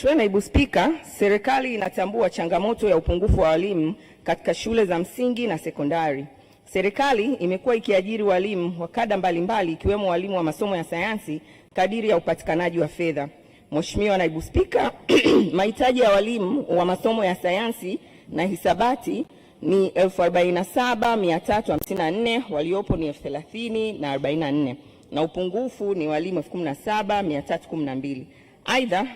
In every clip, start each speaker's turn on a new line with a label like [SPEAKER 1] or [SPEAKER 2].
[SPEAKER 1] Mheshimiwa Naibu Spika, serikali inatambua changamoto ya upungufu wa walimu katika shule za msingi na sekondari. Serikali imekuwa ikiajiri walimu wa kada mbalimbali ikiwemo walimu wa masomo ya sayansi kadiri ya upatikanaji wa fedha. Mheshimiwa Naibu Spika, mahitaji ya walimu wa masomo ya sayansi na hisabati ni 47354 waliopo ni 30 na 44 na upungufu ni walimu 17312. Aidha,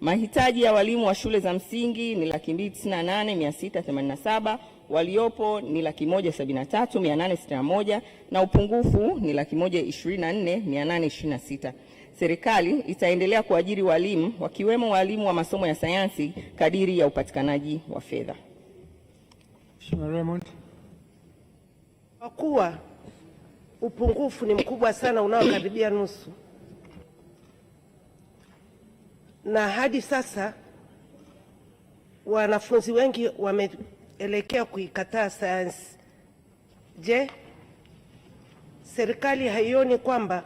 [SPEAKER 1] Mahitaji ya walimu wa shule za msingi ni laki mbili tisini na nane mia sita themanini na saba waliopo ni laki moja sabini na tatu mia nane sitini na moja na upungufu ni laki moja ishirini na nne mia nane ishirini na sita. Serikali itaendelea kuajiri walimu wakiwemo walimu wa masomo ya sayansi kadiri ya upatikanaji wa fedha.
[SPEAKER 2] Mheshimiwa Raymond. Kwa kuwa upungufu ni mkubwa sana unaokaribia nusu na hadi sasa wanafunzi wengi wameelekea kuikataa sayansi. Je, serikali haioni kwamba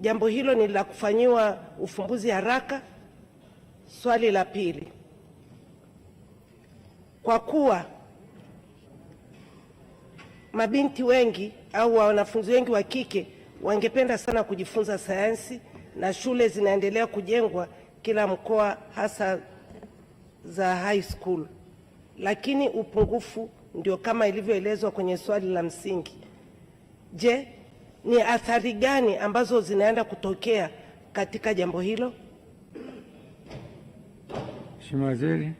[SPEAKER 2] jambo hilo ni la kufanyiwa ufumbuzi haraka? Swali la pili, kwa kuwa mabinti wengi au wanafunzi wengi wa kike wangependa sana kujifunza sayansi na shule zinaendelea kujengwa kila mkoa, hasa za high school, lakini upungufu ndio kama ilivyoelezwa kwenye swali la msingi. Je, ni athari gani ambazo zinaenda kutokea katika jambo hilo? Mheshimiwa Waziri.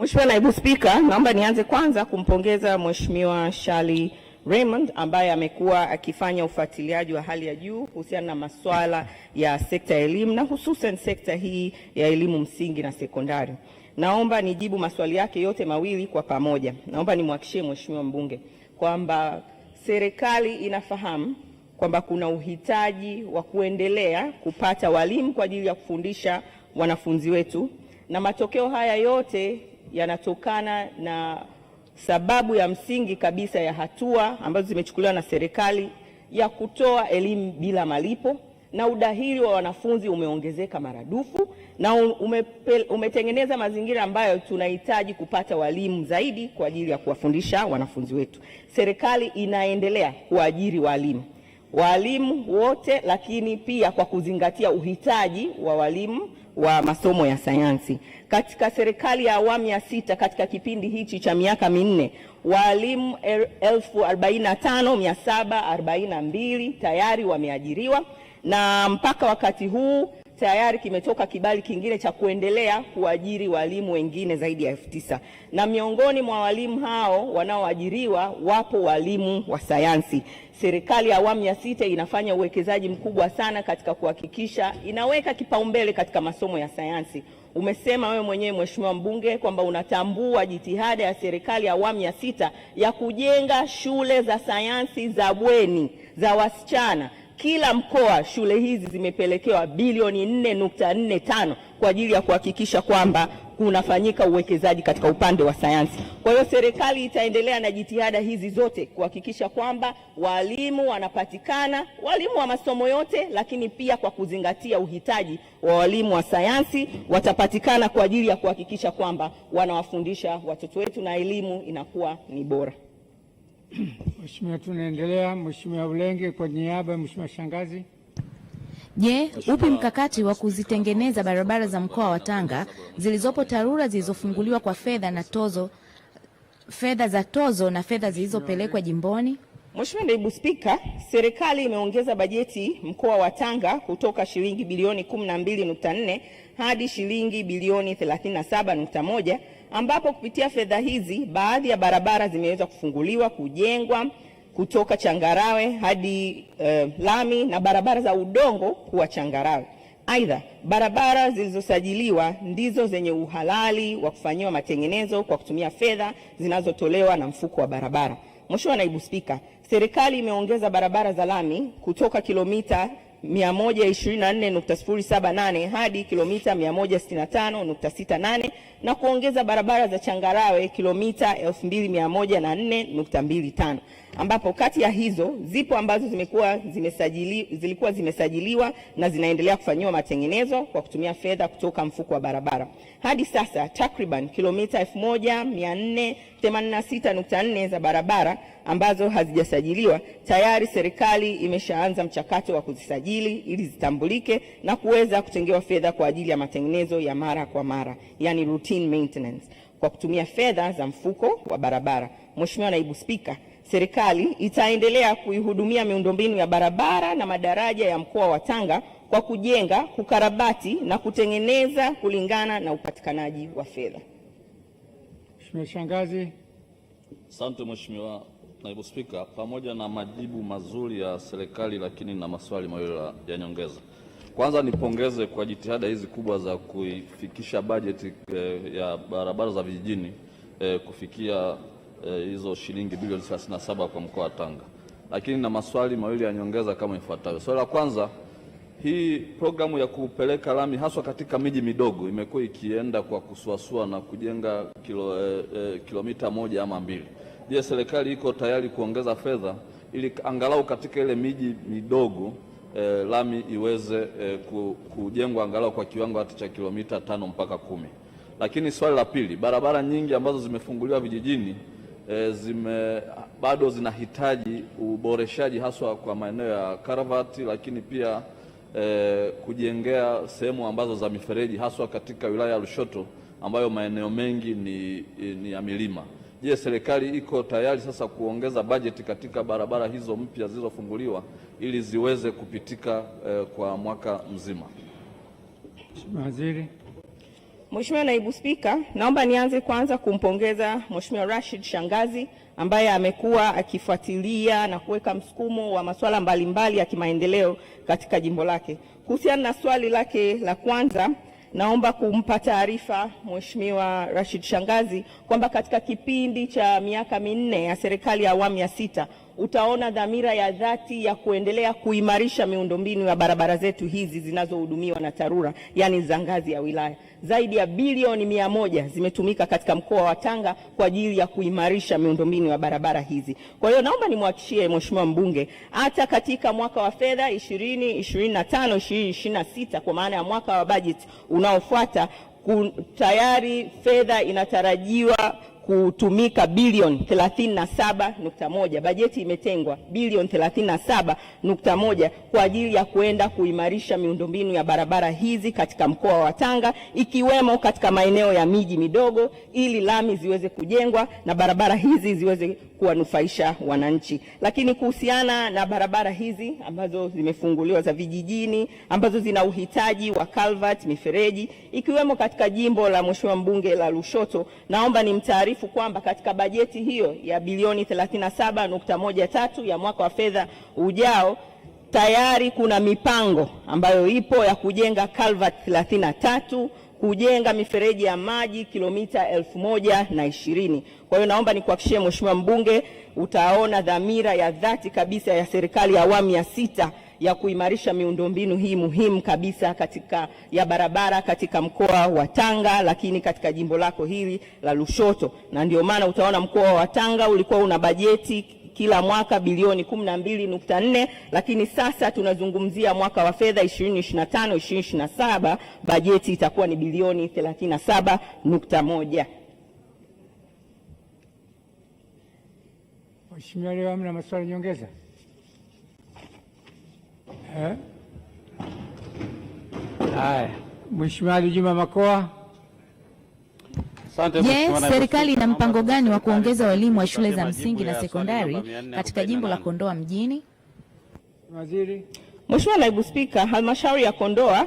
[SPEAKER 3] Mheshimiwa Naibu Spika, naomba nianze kwanza kumpongeza Mheshimiwa Shali Raymond ambaye amekuwa akifanya ufuatiliaji wa hali ya juu kuhusiana na masuala ya sekta ya elimu na hususan sekta hii ya elimu msingi na sekondari. Naomba nijibu maswali yake yote mawili kwa pamoja. Naomba nimhakishie Mheshimiwa mbunge kwamba serikali inafahamu kwamba kuna uhitaji wa kuendelea kupata walimu kwa ajili ya kufundisha wanafunzi wetu, na matokeo haya yote yanatokana na sababu ya msingi kabisa ya hatua ambazo zimechukuliwa na serikali ya kutoa elimu bila malipo na udahili wa wanafunzi umeongezeka maradufu na umepe, umetengeneza mazingira ambayo tunahitaji kupata walimu zaidi kwa ajili ya kuwafundisha wanafunzi wetu. Serikali inaendelea kuajiri walimu walimu wote, lakini pia kwa kuzingatia uhitaji wa walimu wa masomo ya sayansi. Katika serikali ya awamu ya sita, katika kipindi hichi cha miaka minne, walimu 45742 tayari wameajiriwa na mpaka wakati huu tayari kimetoka kibali kingine cha kuendelea kuajiri walimu wengine zaidi ya elfu tisa na miongoni mwa walimu hao wanaoajiriwa wapo walimu wa sayansi. Serikali ya awamu ya sita inafanya uwekezaji mkubwa sana katika kuhakikisha inaweka kipaumbele katika masomo ya sayansi. Umesema wewe mwenyewe Mheshimiwa Mbunge kwamba unatambua jitihada ya serikali ya awamu ya sita ya kujenga shule za sayansi za bweni za wasichana kila mkoa. Shule hizi zimepelekewa bilioni 4.45 kwa ajili ya kuhakikisha kwamba kunafanyika uwekezaji katika upande wa sayansi. Kwa hiyo serikali itaendelea na jitihada hizi zote kuhakikisha kwamba walimu wanapatikana, walimu wa masomo yote, lakini pia kwa kuzingatia uhitaji wa walimu wa sayansi watapatikana kwa ajili ya kuhakikisha kwamba wanawafundisha watoto wetu na elimu inakuwa ni bora.
[SPEAKER 2] Mheshimiwa, tunaendelea. Mheshimiwa Ulenge kwa niaba ya Mheshimiwa Shangazi.
[SPEAKER 4] Je, upi mkakati wa kuzitengeneza barabara za mkoa wa Tanga zilizopo TARURA zilizofunguliwa kwa fedha na tozo, fedha za tozo na fedha zilizopelekwa jimboni?
[SPEAKER 1] Mheshimiwa Naibu Spika, serikali imeongeza bajeti mkoa wa Tanga kutoka shilingi bilioni 12.4 hadi shilingi bilioni 37.1 ambapo kupitia fedha hizi baadhi ya barabara zimeweza kufunguliwa, kujengwa kutoka changarawe hadi uh, lami na barabara za udongo kuwa changarawe. Aidha, barabara zilizosajiliwa ndizo zenye uhalali wa kufanyiwa matengenezo kwa kutumia fedha zinazotolewa na mfuko wa barabara. Mheshimiwa Naibu Spika, serikali imeongeza barabara za lami kutoka kilomita 124.078 hadi kilomita 165.68 na kuongeza barabara za changarawe kilomita 2104.25 ambapo kati ya hizo zipo ambazo zimekuwa zimesajili, zilikuwa zimesajiliwa na zinaendelea kufanyiwa matengenezo kwa kutumia fedha kutoka mfuko wa barabara. Hadi sasa takriban kilomita 1486.4 za barabara ambazo hazijasajiliwa tayari serikali imeshaanza mchakato wa kuzisajili ili zitambulike na kuweza kutengewa fedha kwa ajili ya matengenezo ya mara kwa mara, yani routine maintenance, kwa kutumia fedha za mfuko wa barabara. Mheshimiwa Naibu Spika, serikali itaendelea kuihudumia miundombinu ya barabara na madaraja ya mkoa wa Tanga kwa kujenga, kukarabati na kutengeneza kulingana na upatikanaji wa fedha.
[SPEAKER 2] Mheshimiwa Shangazi.
[SPEAKER 5] Asante Mheshimiwa Naibu Spika, pamoja na majibu mazuri ya serikali, lakini na maswali mawili ya nyongeza. Kwanza nipongeze kwa jitihada hizi kubwa za kuifikisha bajeti eh, ya barabara za vijijini eh, kufikia E, hizo e, shilingi bilioni 37 kwa mkoa wa Tanga, lakini na maswali mawili ya nyongeza kama ifuatavyo. Swali la kwanza, hii programu ya kupeleka lami haswa katika miji midogo imekuwa ikienda kwa kusuasua na kujenga kilo, e, e, kilomita moja ama mbili. Je, serikali iko tayari kuongeza fedha ili angalau katika ile miji midogo e, lami iweze e, kujengwa angalau kwa kiwango hata cha kilomita tano mpaka kumi. Lakini swali la pili, barabara nyingi ambazo zimefunguliwa vijijini e, zime bado zinahitaji uboreshaji haswa kwa maeneo ya Karavati, lakini pia e, kujengea sehemu ambazo za mifereji haswa katika wilaya ya Lushoto ambayo maeneo mengi ni, ni ya milima. Je, serikali iko tayari sasa kuongeza bajeti katika barabara hizo mpya zilizofunguliwa ili ziweze kupitika e, kwa mwaka mzima?
[SPEAKER 2] Mheshimiwa Waziri.
[SPEAKER 1] Mheshimiwa Naibu Spika, naomba nianze kwanza kumpongeza Mheshimiwa Rashid Shangazi ambaye amekuwa akifuatilia na kuweka msukumo wa masuala mbalimbali ya kimaendeleo katika jimbo lake. Kuhusiana na swali lake la kwanza, naomba kumpa taarifa Mheshimiwa Rashid Shangazi kwamba katika kipindi cha miaka minne ya serikali ya awamu ya sita utaona dhamira ya dhati ya kuendelea kuimarisha miundombinu ya barabara zetu hizi zinazohudumiwa na TARURA, yani za ngazi ya wilaya. Zaidi ya bilioni mia moja zimetumika katika mkoa wa Tanga kwa ajili ya kuimarisha miundombinu ya barabara hizi. Kwa hiyo naomba nimwakishie Mheshimiwa mbunge, hata katika mwaka wa fedha 20 25 2026 kwa maana ya mwaka wa bajeti unaofuata tayari fedha inatarajiwa kutumika bilioni 37.1, bajeti imetengwa bilioni 37.1 kwa ajili ya kuenda kuimarisha miundombinu ya barabara hizi katika mkoa wa Tanga, ikiwemo katika maeneo ya miji midogo, ili lami ziweze kujengwa na barabara hizi ziweze kuwanufaisha wananchi. Lakini kuhusiana na barabara hizi ambazo zimefunguliwa za vijijini, ambazo zina uhitaji wa calvert, mifereji, ikiwemo katika jimbo la Mheshimiwa mbunge la Lushoto, naomba ni mtaarifu taarifu kwamba katika bajeti hiyo ya bilioni 37.13 ya mwaka wa fedha ujao tayari kuna mipango ambayo ipo ya kujenga culvert 33 kujenga mifereji ya maji kilomita elfu moja na ishirini. Kwa hiyo naomba nikuhakishie Mheshimiwa Mbunge, utaona dhamira ya dhati kabisa ya serikali ya awamu ya sita ya kuimarisha miundombinu hii muhimu kabisa katika ya barabara katika mkoa wa Tanga, lakini katika jimbo lako hili la Lushoto, na ndio maana utaona mkoa wa Tanga ulikuwa una bajeti kila mwaka bilioni 12.4, lakini sasa tunazungumzia mwaka wa fedha 2025 2027 bajeti itakuwa ni bilioni 37.1.
[SPEAKER 2] Mheshimiwa, leo hamna maswali nyongeza. Haya, Mheshimiwa Ali Juma Makoa.
[SPEAKER 4] yes, serikali ina mpango gani wa kuongeza walimu wa shule za msingi na sekondari katika jimbo la Kondoa mjini?
[SPEAKER 2] Waziri.
[SPEAKER 1] Mheshimiwa Naibu Spika, halmashauri ya Kondoa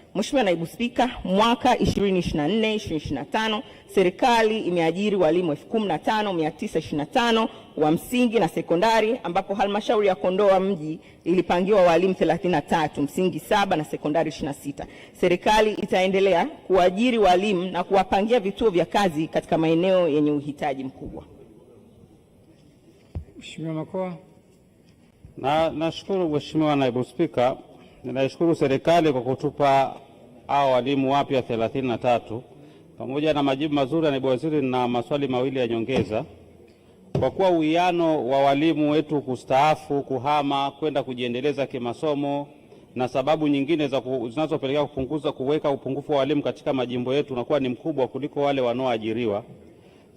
[SPEAKER 1] Mheshimiwa Naibu Spika, mwaka 2024 2025 serikali imeajiri walimu 15925 wa msingi na sekondari ambapo halmashauri ya Kondoa mji ilipangiwa walimu 33 msingi saba na sekondari 26. Serikali itaendelea kuajiri walimu na kuwapangia vituo vya kazi katika maeneo yenye uhitaji mkubwa.
[SPEAKER 2] Mheshimiwa Makoa.
[SPEAKER 6] Na nashukuru Mheshimiwa Naibu Spika. Ninaishukuru serikali kwa kutupa hao walimu wapya thelathini na tatu. Pamoja na majibu mazuri ya naibu waziri, na maswali mawili ya nyongeza. Kwa kuwa uwiano wa walimu wetu kustaafu, kuhama, kwenda kujiendeleza kimasomo na sababu nyingine zinazopelekea kupunguza kuweka upungufu wa walimu katika majimbo yetu unakuwa ni mkubwa kuliko wale wanaoajiriwa.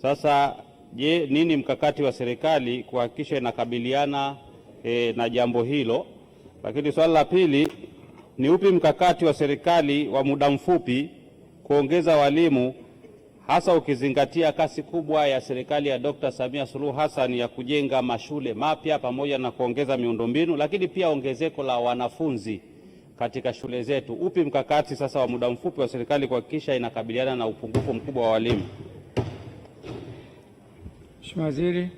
[SPEAKER 6] Sasa je, nini mkakati wa serikali kuhakikisha inakabiliana e, na jambo hilo lakini swali la pili ni upi mkakati wa serikali wa muda mfupi kuongeza walimu hasa ukizingatia kasi kubwa ya serikali ya Dr. Samia Suluhu Hassan ya kujenga mashule mapya pamoja na kuongeza miundombinu, lakini pia ongezeko la wanafunzi katika shule zetu. Upi mkakati sasa wa muda mfupi wa serikali kuhakikisha inakabiliana na upungufu mkubwa wa walimu?
[SPEAKER 2] Mheshimiwa Waziri.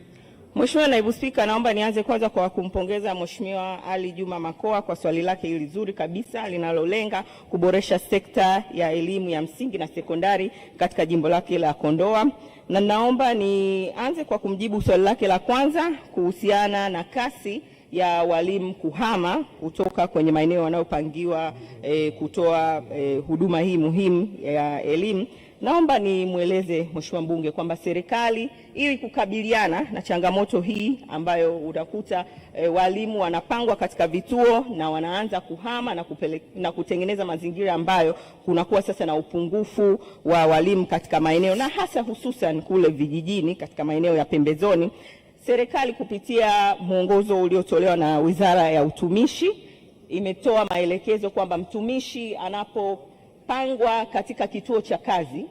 [SPEAKER 3] Mheshimiwa Naibu Spika, naomba nianze kwanza kwa kumpongeza Mheshimiwa Ali Juma Makoa kwa swali lake hili zuri kabisa linalolenga kuboresha sekta ya elimu ya msingi na sekondari katika jimbo lake la Kondoa, na naomba nianze kwa kumjibu swali lake la kwanza kuhusiana na kasi ya walimu kuhama kutoka kwenye maeneo wanayopangiwa e, kutoa e, huduma hii muhimu ya elimu Naomba nimweleze Mheshimiwa mbunge kwamba serikali ili kukabiliana na changamoto hii ambayo utakuta e, walimu wanapangwa katika vituo na wanaanza kuhama na, kupele, na kutengeneza mazingira ambayo kunakuwa sasa na upungufu wa walimu katika maeneo na hasa hususan kule vijijini katika maeneo ya pembezoni, serikali kupitia mwongozo uliotolewa na Wizara ya Utumishi imetoa maelekezo kwamba mtumishi anapo kupangwa katika kituo cha kazi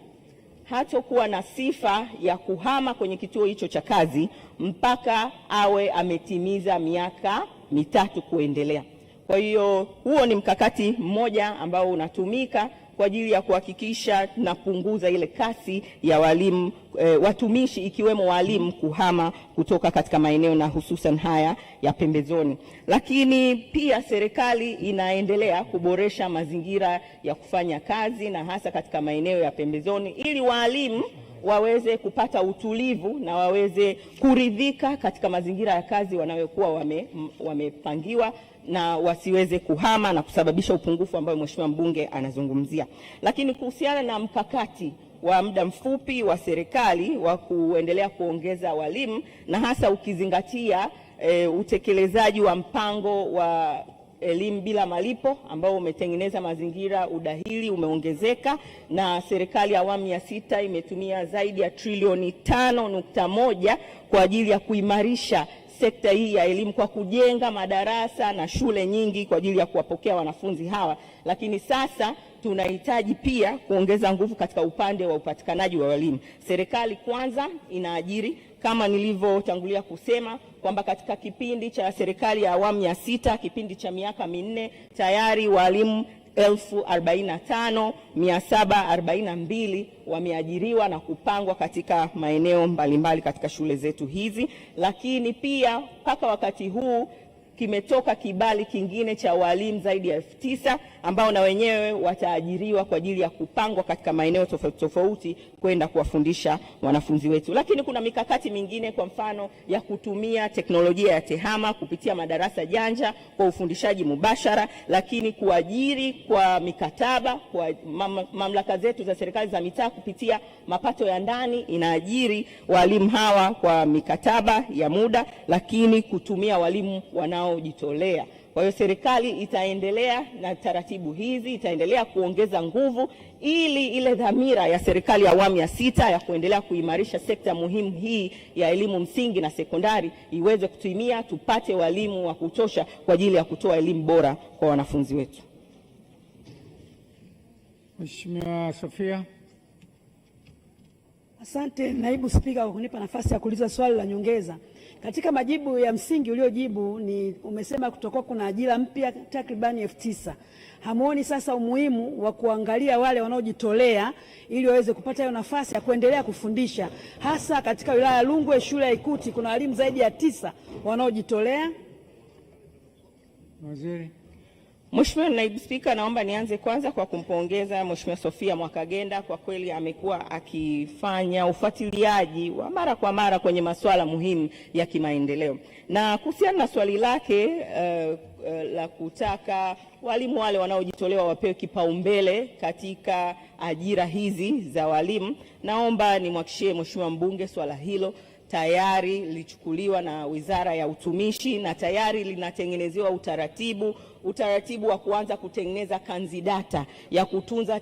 [SPEAKER 3] hatokuwa na sifa ya kuhama kwenye kituo hicho cha kazi mpaka awe ametimiza miaka mitatu kuendelea. Kwa hiyo huo ni mkakati mmoja ambao unatumika kwa ajili ya kuhakikisha tunapunguza ile kasi ya walimu e, watumishi ikiwemo walimu kuhama kutoka katika maeneo na hususan haya ya pembezoni. Lakini pia serikali inaendelea kuboresha mazingira ya kufanya kazi na hasa katika maeneo ya pembezoni ili walimu waweze kupata utulivu na waweze kuridhika katika mazingira ya kazi wanayokuwa wame, wamepangiwa na wasiweze kuhama na kusababisha upungufu ambayo mheshimiwa mbunge anazungumzia. Lakini kuhusiana na mkakati wa muda mfupi wa serikali wa kuendelea kuongeza walimu na hasa ukizingatia e, utekelezaji wa mpango wa elimu bila malipo ambao umetengeneza mazingira udahili umeongezeka, na serikali awamu ya sita imetumia zaidi ya trilioni tano nukta moja kwa ajili ya kuimarisha sekta hii ya elimu kwa kujenga madarasa na shule nyingi kwa ajili ya kuwapokea wanafunzi hawa, lakini sasa tunahitaji pia kuongeza nguvu katika upande wa upatikanaji wa walimu. Serikali kwanza inaajiri kama nilivyotangulia kusema kwamba katika kipindi cha serikali ya awamu ya sita, kipindi cha miaka minne, tayari walimu 45742 wameajiriwa na kupangwa katika maeneo mbalimbali mbali katika shule zetu hizi, lakini pia mpaka wakati huu kimetoka kibali kingine cha walimu zaidi ya elfu tisa ambao na wenyewe wataajiriwa kwa ajili ya kupangwa katika maeneo tofauti tofauti kwenda kuwafundisha wanafunzi wetu. Lakini kuna mikakati mingine, kwa mfano ya kutumia teknolojia ya TEHAMA kupitia madarasa janja kwa ufundishaji mubashara, lakini kuajiri kwa mikataba kwa mamlaka zetu za serikali za mitaa kupitia mapato ya ndani inaajiri walimu hawa kwa mikataba ya muda, lakini kutumia walimu wanao wanaojitolea. Kwa hiyo serikali itaendelea na taratibu hizi, itaendelea kuongeza nguvu ili ile dhamira ya serikali ya awamu ya sita ya kuendelea kuimarisha sekta muhimu hii ya elimu msingi na sekondari iweze kutimia, tupate walimu wa kutosha kwa ajili ya kutoa elimu bora kwa wanafunzi wetu.
[SPEAKER 2] Mheshimiwa Sofia.
[SPEAKER 7] Asante naibu spika kwa kunipa nafasi ya kuuliza swali la nyongeza. Katika majibu ya msingi uliojibu ni umesema kutokuwa kuna ajira mpya takribani elfu tisa. Hamuoni sasa umuhimu wa kuangalia wale wanaojitolea ili waweze kupata hiyo nafasi ya kuendelea kufundisha hasa katika wilaya ya shule ya Ikuti kuna walimu zaidi ya tisa wanaojitolea?
[SPEAKER 2] Waziri
[SPEAKER 3] Mheshimiwa Naibu Spika, naomba nianze kwanza kwa kumpongeza Mheshimiwa Sofia Mwakagenda, kwa kweli amekuwa akifanya ufuatiliaji wa mara kwa mara kwenye masuala muhimu ya kimaendeleo. Na kuhusiana na swali lake uh, Eh, la kutaka walimu wale wanaojitolewa wapewe kipaumbele katika ajira hizi za walimu, naomba nimhakikishie Mheshimiwa mbunge swala hilo tayari lilichukuliwa na Wizara ya Utumishi na tayari linatengenezewa utaratibu utaratibu wa kuanza kutengeneza kanzidata ya kutunza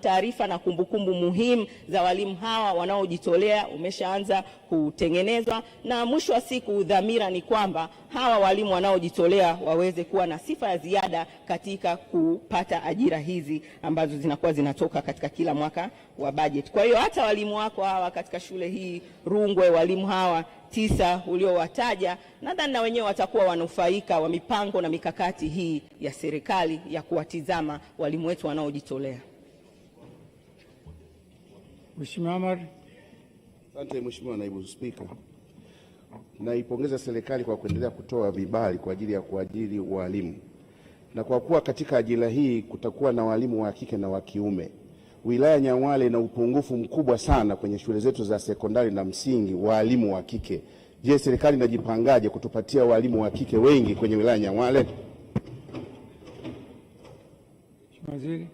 [SPEAKER 3] taarifa na kumbukumbu muhimu za walimu hawa wanaojitolea umeshaanza kutengenezwa, na mwisho wa siku dhamira ni kwamba hawa walimu wanaojitolea waweze kuwa na sifa ya ziada katika kupata ajira hizi ambazo zinakuwa zinatoka katika kila mwaka wa bajeti. Kwa hiyo hata walimu wako hawa katika shule hii Rungwe, walimu hawa tisa uliowataja nadhani na wenyewe watakuwa wanufaika wa mipango na mikakati hii ya serikali ya kuwatizama walimu wetu wanaojitolea.
[SPEAKER 2] Mheshimiwa
[SPEAKER 8] Asante Mheshimiwa Naibu Spika. Naipongeza serikali kwa kuendelea kutoa vibali kwa ajili ya kuajiri walimu, na kwa kuwa katika ajira hii kutakuwa na walimu wa kike na wa kiume. Wilaya Nyang'hwale ina upungufu mkubwa sana kwenye shule zetu za sekondari na msingi wa walimu wa kike. Je, serikali inajipangaje kutupatia walimu wa kike wengi kwenye wilaya Nyang'hwale?
[SPEAKER 2] Waziri.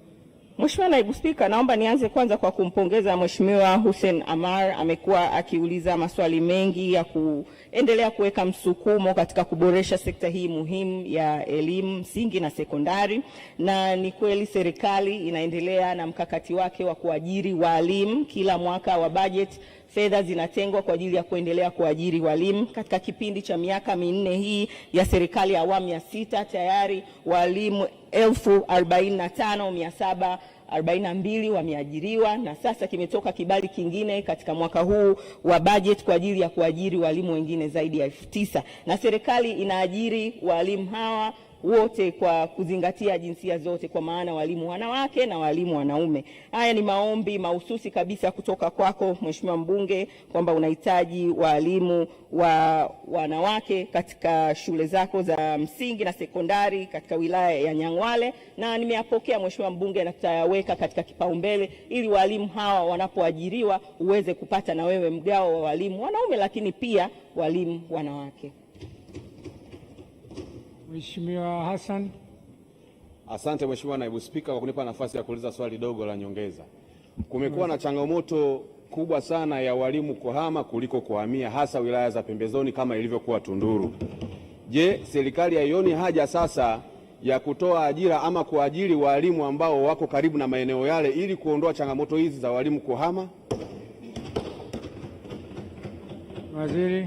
[SPEAKER 1] Mheshimiwa Naibu Spika, naomba nianze kwanza kwa kumpongeza Mheshimiwa Hussein Amar. Amekuwa akiuliza maswali mengi ya ku endelea kuweka msukumo katika kuboresha sekta hii muhimu ya elimu msingi na sekondari. Na ni kweli serikali inaendelea na mkakati wake wa kuajiri walimu. Kila mwaka wa bajeti fedha zinatengwa kwa ajili ya kuendelea kuajiri walimu. Katika kipindi cha miaka minne hii ya serikali ya awamu ya sita tayari walimu elfu arobaini na tano mia saba 42 wameajiriwa na sasa kimetoka kibali kingine katika mwaka huu wa bajeti kwa ajili ya kuajiri walimu wengine zaidi ya elfu tisa na serikali inaajiri walimu hawa wote kwa kuzingatia jinsia zote, kwa maana walimu wanawake na walimu wanaume. Haya ni maombi mahususi kabisa kutoka kwako Mheshimiwa Mbunge kwamba unahitaji walimu wa wanawake katika shule zako za msingi na sekondari katika wilaya ya nyangwale na nimeyapokea Mheshimiwa Mbunge na tutayaweka katika kipaumbele ili walimu hawa wanapoajiriwa uweze kupata na wewe mgao wa walimu wanaume, lakini pia walimu wanawake.
[SPEAKER 2] Mheshimiwa Hassan.
[SPEAKER 9] Asante Mheshimiwa Naibu Spika kwa kunipa nafasi ya kuuliza swali dogo la nyongeza. Kumekuwa na changamoto kubwa sana ya walimu kuhama kuliko kuhamia hasa wilaya za pembezoni kama ilivyokuwa Tunduru. Je, serikali haioni haja sasa ya kutoa ajira ama kuajiri walimu ambao wako karibu na maeneo yale ili kuondoa changamoto hizi za walimu kuhama?
[SPEAKER 2] Waziri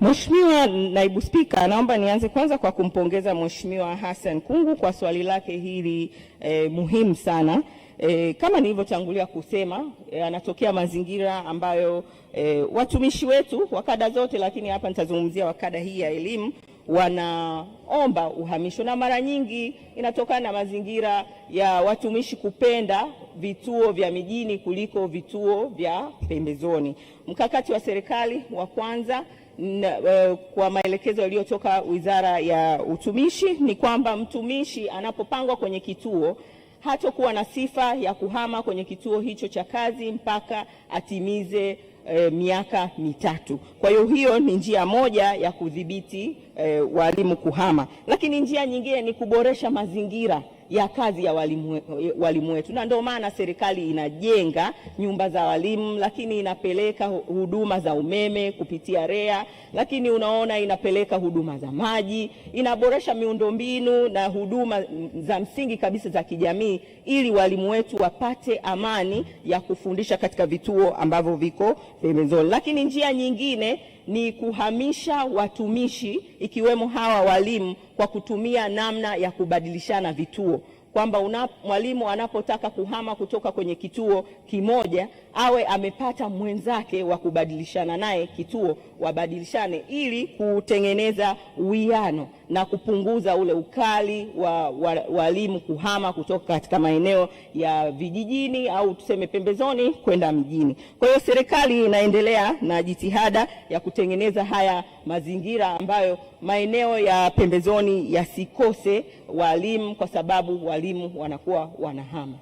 [SPEAKER 3] Mheshimiwa Naibu Spika, naomba nianze kwanza kwa kumpongeza Mheshimiwa Hassan Kungu kwa swali lake hili eh, muhimu sana. E, kama nilivyotangulia kusema e, anatokea mazingira ambayo e, watumishi wetu wa kada zote, lakini hapa nitazungumzia wa kada hii ya elimu wanaomba uhamisho, na mara nyingi inatokana na mazingira ya watumishi kupenda vituo vya mijini kuliko vituo vya pembezoni. Mkakati wa serikali wa kwanza na, uh, kwa maelekezo yaliyotoka Wizara ya Utumishi ni kwamba mtumishi anapopangwa kwenye kituo hatokuwa na sifa ya kuhama kwenye kituo hicho cha kazi mpaka atimize E, miaka mitatu. Kwa hiyo hiyo ni njia moja ya kudhibiti e, walimu kuhama, lakini njia nyingine ni kuboresha mazingira ya kazi ya walimu, walimu wetu, na ndio maana serikali inajenga nyumba za walimu, lakini inapeleka huduma za umeme kupitia REA, lakini unaona inapeleka huduma za maji, inaboresha miundombinu na huduma za msingi kabisa za kijamii, ili walimu wetu wapate amani ya kufundisha katika vituo ambavyo viko pembezoni, lakini njia nyingine ni kuhamisha watumishi ikiwemo hawa walimu kwa kutumia namna ya kubadilishana vituo, kwamba mwalimu anapotaka kuhama kutoka kwenye kituo kimoja awe amepata mwenzake wa kubadilishana naye kituo, wabadilishane ili kutengeneza uwiano na kupunguza ule ukali wa walimu wa kuhama kutoka katika maeneo ya vijijini au tuseme pembezoni kwenda mjini. Kwa hiyo serikali inaendelea na jitihada ya kutengeneza haya mazingira ambayo maeneo ya pembezoni yasikose walimu kwa sababu walimu wanakuwa wanahama.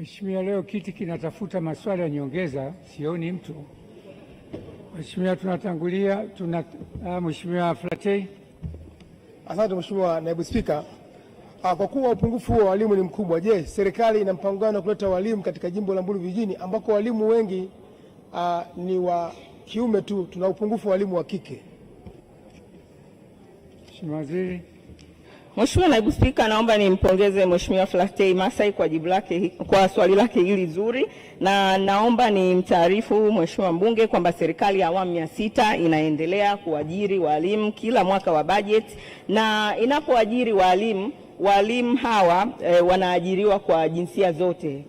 [SPEAKER 2] Mheshimiwa, leo kiti kinatafuta maswali ya nyongeza, sioni mtu. Mheshimiwa, tunatangulia tuna, ah, Mheshimiwa Flatei.
[SPEAKER 10] Asante Mheshimiwa Naibu Spika. Ah, kwa kuwa upungufu wa walimu ni mkubwa, je, serikali ina mpango wa kuleta walimu katika jimbo la Mbulu vijijini ambako walimu wengi a, ah, ni wa kiume tu, tuna upungufu wa walimu wa kike.
[SPEAKER 2] Mheshimiwa Waziri.
[SPEAKER 3] Mheshimiwa Naibu Spika, naomba nimpongeze Mheshimiwa Flatei Masai kwa jibu lake kwa swali lake hili zuri, na naomba nimtaarifu Mheshimiwa mbunge kwamba serikali ya awamu ya sita inaendelea kuajiri walimu kila mwaka wa bajeti, na inapoajiri walimu walimu hawa e, wanaajiriwa kwa jinsia zote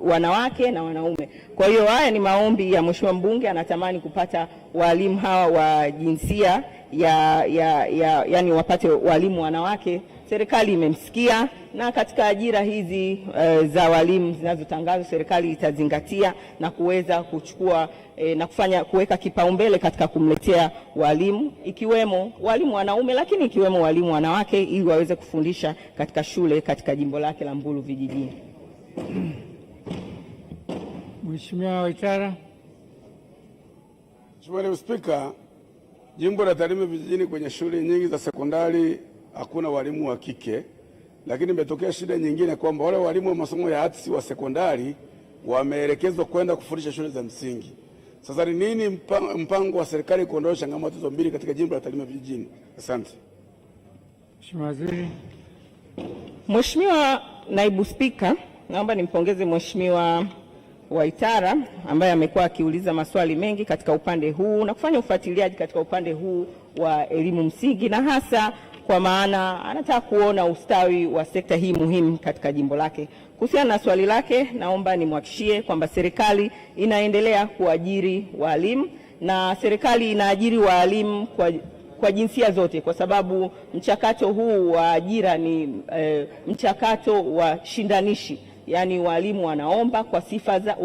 [SPEAKER 3] wanawake na wanaume. Kwa hiyo haya ni maombi ya Mheshimiwa mbunge, anatamani kupata walimu hawa wa jinsia ya, ya, ya yani wapate walimu wanawake. Serikali imemsikia na katika ajira hizi e, za walimu zinazotangazwa serikali itazingatia na kuweza kuchukua e, na kufanya kuweka kipaumbele katika kumletea walimu ikiwemo walimu wanaume, lakini ikiwemo walimu wanawake ili waweze kufundisha katika shule katika jimbo lake la Mbulu vijijini.
[SPEAKER 2] Mheshimiwa Waitara.
[SPEAKER 11] Mheshimiwa Spika Jimbo la Tarime vijijini kwenye shule nyingi za sekondari hakuna walimu wa kike, lakini imetokea shida nyingine kwamba wale walimu wa masomo ya arts wa sekondari wameelekezwa kwenda kufundisha shule za msingi. Sasa ni nini mpango wa serikali kuondoa changamoto hizo mbili katika jimbo la Tarime vijijini? Asante.
[SPEAKER 2] Mheshimiwa Waziri.
[SPEAKER 3] Mheshimiwa Naibu Spika, naomba nimpongeze Mheshimiwa Waitara ambaye amekuwa akiuliza maswali mengi katika upande huu na kufanya ufuatiliaji katika upande huu wa elimu msingi na hasa kwa maana anataka kuona ustawi wa sekta hii muhimu katika jimbo lake. Kuhusiana na swali lake, naomba nimwakishie kwamba serikali inaendelea kuajiri walimu na serikali inaajiri walimu kwa, kwa jinsia zote, kwa sababu mchakato huu wa ajira ni e, mchakato wa shindanishi yani walimu wanaomba kwa sifa za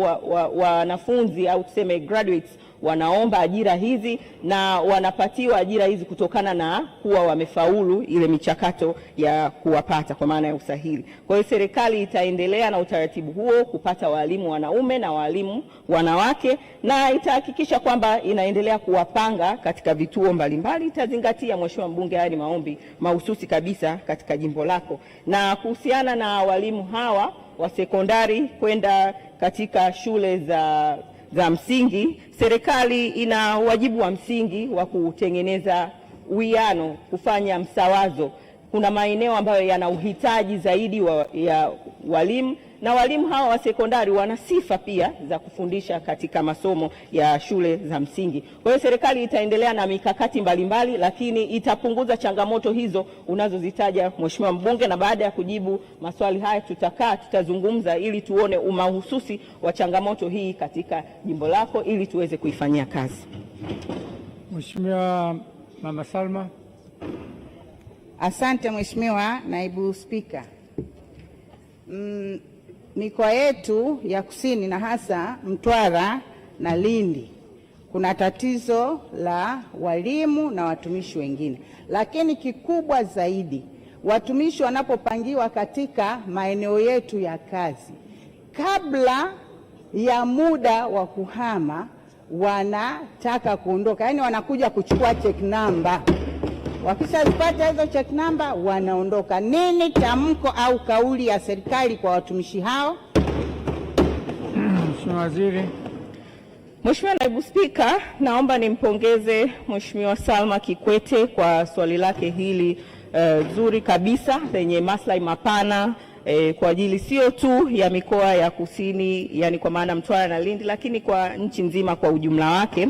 [SPEAKER 3] wanafunzi wa, wa au tuseme graduates wanaomba ajira hizi na wanapatiwa ajira hizi kutokana na kuwa wamefaulu ile michakato ya kuwapata kwa maana ya usahili. Kwa hiyo serikali itaendelea na utaratibu huo kupata walimu wanaume na walimu wanawake, na itahakikisha kwamba inaendelea kuwapanga katika vituo mbalimbali. Itazingatia, Mheshimiwa Mbunge, haya ni maombi mahususi kabisa katika jimbo lako. Na kuhusiana na walimu hawa wa sekondari kwenda katika shule za, za msingi, serikali ina wajibu wa msingi wa kutengeneza uwiano, kufanya msawazo kuna maeneo ambayo yana uhitaji zaidi wa, ya walimu na walimu hawa wa sekondari wana sifa pia za kufundisha katika masomo ya shule za msingi. Kwa hiyo serikali itaendelea na mikakati mbalimbali mbali, lakini itapunguza changamoto hizo unazozitaja Mheshimiwa Mbunge, na baada ya kujibu maswali haya tutakaa, tutazungumza ili tuone umahususi wa changamoto hii katika jimbo lako ili tuweze kuifanyia kazi.
[SPEAKER 2] Mheshimiwa Mama Salma.
[SPEAKER 12] Asante Mheshimiwa Naibu Spika. Mm, mikoa yetu ya kusini na hasa Mtwara na Lindi kuna tatizo la walimu na watumishi wengine, lakini kikubwa zaidi watumishi wanapopangiwa katika maeneo yetu ya kazi, kabla ya muda wa kuhama wanataka kuondoka, yaani wanakuja kuchukua check number. Wakishazipata hizo check number wanaondoka. Nini tamko au kauli ya serikali kwa watumishi hao?
[SPEAKER 2] Mheshimiwa Waziri.
[SPEAKER 3] Mheshimiwa Naibu Spika, naomba nimpongeze Mheshimiwa Salma Kikwete kwa swali lake hili uh, zuri kabisa lenye maslahi mapana e, kwa ajili sio tu ya mikoa ya kusini, yani kwa maana Mtwara na Lindi, lakini kwa nchi nzima kwa ujumla wake.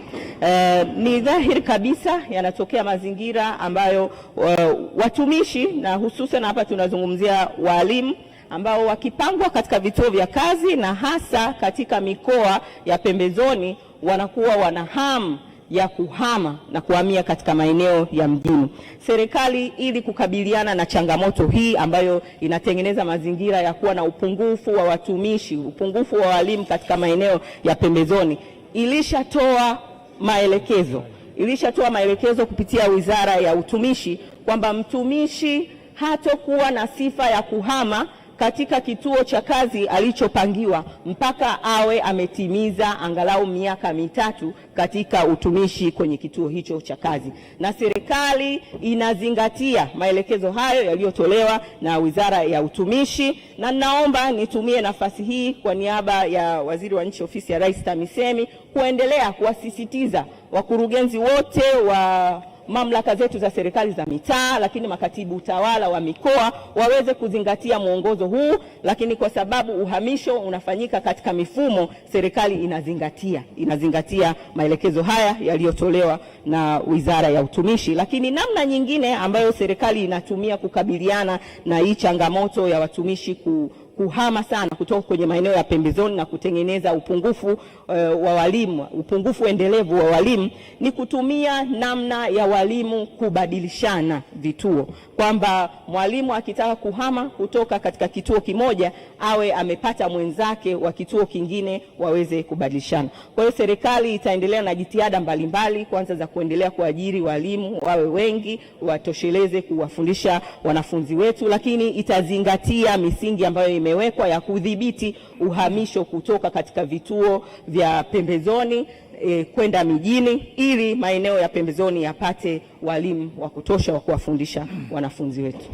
[SPEAKER 3] E, ni dhahiri kabisa yanatokea mazingira ambayo e, watumishi na hususan hapa tunazungumzia walimu ambao wakipangwa katika vituo vya kazi na hasa katika mikoa ya pembezoni wanakuwa wana hamu ya kuhama na kuhamia katika maeneo ya mjini. Serikali ili kukabiliana na changamoto hii ambayo inatengeneza mazingira ya kuwa na upungufu wa watumishi, upungufu wa walimu katika maeneo ya pembezoni, ilishatoa maelekezo ilishatoa maelekezo kupitia Wizara ya Utumishi kwamba mtumishi hatokuwa na sifa ya kuhama katika kituo cha kazi alichopangiwa mpaka awe ametimiza angalau miaka mitatu katika utumishi kwenye kituo hicho cha kazi. Na serikali inazingatia maelekezo hayo yaliyotolewa na Wizara ya Utumishi, na naomba nitumie nafasi hii kwa niaba ya Waziri wa Nchi Ofisi ya Rais TAMISEMI kuendelea kuwasisitiza wakurugenzi wote wa mamlaka zetu za serikali za mitaa, lakini makatibu utawala wa mikoa waweze kuzingatia mwongozo huu, lakini kwa sababu uhamisho unafanyika katika mifumo, serikali inazingatia inazingatia maelekezo haya yaliyotolewa na Wizara ya Utumishi. Lakini namna nyingine ambayo serikali inatumia kukabiliana na hii changamoto ya watumishi ku kuhama sana kutoka kwenye maeneo ya pembezoni na kutengeneza upungufu uh, wa walimu, upungufu endelevu wa walimu ni kutumia namna ya walimu kubadilishana vituo, kwamba mwalimu akitaka kuhama kutoka katika kituo kimoja awe amepata mwenzake wa kituo kingine waweze kubadilishana. Kwa hiyo serikali itaendelea na jitihada mbalimbali, kwanza za kuendelea kuajiri walimu wawe wengi, watosheleze kuwafundisha wanafunzi wetu, lakini itazingatia misingi ambayo imewekwa ya kudhibiti uhamisho kutoka katika vituo vya pembezoni e, kwenda mijini ili maeneo ya pembezoni yapate walimu wa kutosha wa kuwafundisha wanafunzi wetu.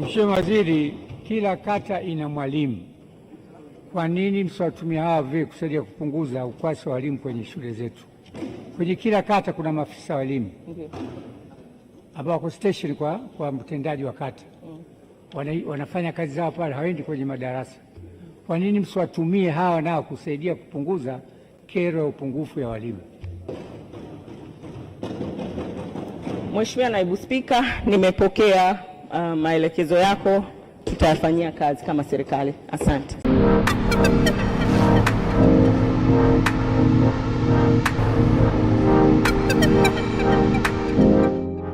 [SPEAKER 2] Mheshimiwa Waziri, kila kata ina mwalimu. Kwa nini msiwatumia hawa vile kusaidia kupunguza ukwasi wa walimu kwenye shule zetu? Kwenye kila kata kuna maafisa walimu ambao wako station kwa, kwa mtendaji wa kata. Mm wana, wanafanya kazi zao pale, hawaendi kwenye madarasa. Kwa nini msiwatumie hawa nao kusaidia kupunguza kero ya upungufu ya walimu?
[SPEAKER 3] Mheshimiwa Naibu Spika, nimepokea uh, maelekezo yako, tutayafanyia kazi kama serikali. Asante.